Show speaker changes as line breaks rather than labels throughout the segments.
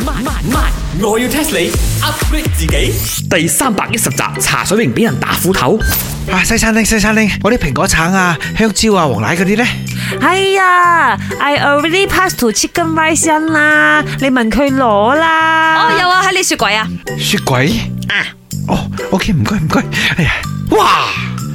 慢慢，我要 test 你 upgrade 自己。第三百一十集，茶水瓶俾人打斧頭。啊，西餐廳，西餐廳，我啲蘋果橙啊、香蕉啊、黃奶嗰啲咧？哎呀，I already passed to chicken rice in 啦，你問佢攞啦。哦，有啊，喺你雪櫃啊？雪櫃啊？哦，OK，唔該唔該，哎呀，哇！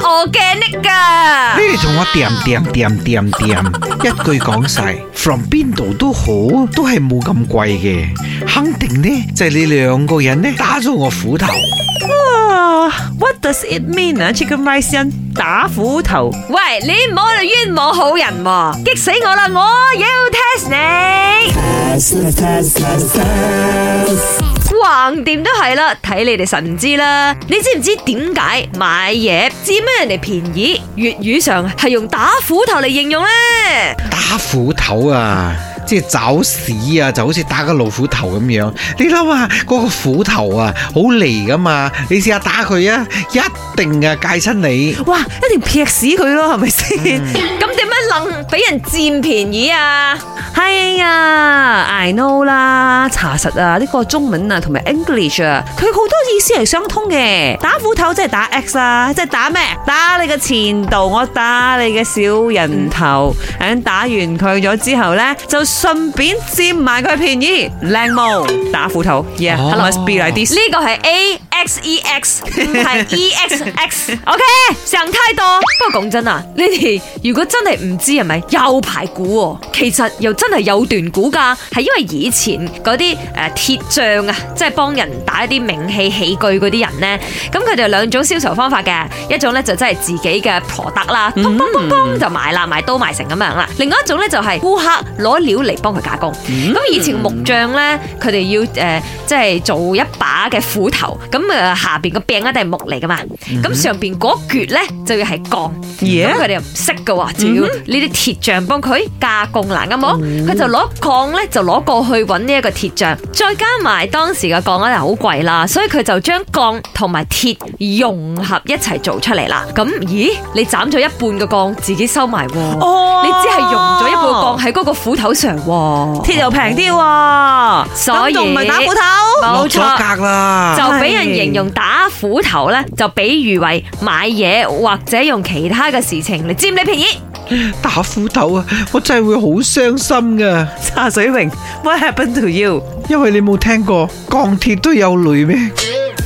organic。你哋同我掂掂掂掂掂，一句講晒，from 邊度都好，都係冇咁貴嘅，肯定呢就係你兩個人呢打咗我斧頭。What does it mean 啊？Chicken rice？打斧頭？喂，你唔好又冤枉好人喎，激死我啦！我要 test 你。橫掂都係啦，睇你哋神知啦。你知唔知點解買嘢佔咩人哋便宜？粵語上係用打斧頭嚟形容呢？打斧頭啊，即係找屎啊，就好似打個老虎頭咁樣。你諗下，嗰、那個斧頭啊，好嚟噶嘛？你試下打佢啊，一定啊，戒親你。哇！一定要劈死佢咯，係咪先？咁點、嗯、 樣，樣能俾人佔便宜啊？哎呀、 hey,，I know 啦。查實啊，呢個中文啊，同埋 English 啊，佢好多意思係相通嘅。打斧頭即係打 X 啊，即係打咩？打你嘅前度，我打你嘅小人頭。咁打完佢咗之後呢，就順便占埋佢便宜，靚模打斧頭。Yeah，Hello，Must, oh, Be Like This。呢個係 A。X E X 唔係 E X X，OK、okay，想太多。不過講真啊，你哋如果真係唔知係咪又排估、哦，其實又真係有段古噶，係因為以前嗰啲誒鐵匠啊，即係幫人打一啲名氣器具嗰啲人咧，咁佢哋兩種銷售方法嘅，一種咧就真係自己嘅婆得啦，咚咚咚咚就買買賣啦，埋刀埋成咁樣啦。另外一種咧就係顧客攞料嚟幫佢加工。咁、mm hmm. 以前木匠咧，佢哋要誒、呃、即係做一把嘅斧頭咁。下邊個柄、mm hmm. 一定係木嚟噶嘛，咁上邊嗰橛咧就要係鋼，咁佢哋又唔識噶喎，就要呢啲鐵匠幫佢加工難噶嘛，佢、mm hmm. 就攞鋼咧就攞過去搵呢一個鐵匠，再加埋當時嘅鋼咧係好貴啦，所以佢就將鋼同埋鐵融合一齊做出嚟啦。咁咦，你斬咗一半嘅鋼自己收埋，oh! 你只係用。喺嗰個斧頭上，鐵就平啲，所以唔係打斧頭，冇錯啦。就俾人形容打斧頭咧，就比喻為買嘢或者用其他嘅事情嚟佔你便宜。打斧頭啊，我真係會好傷心噶。茶水榮，What happened to you？因為你冇聽過鋼鐵都有淚咩？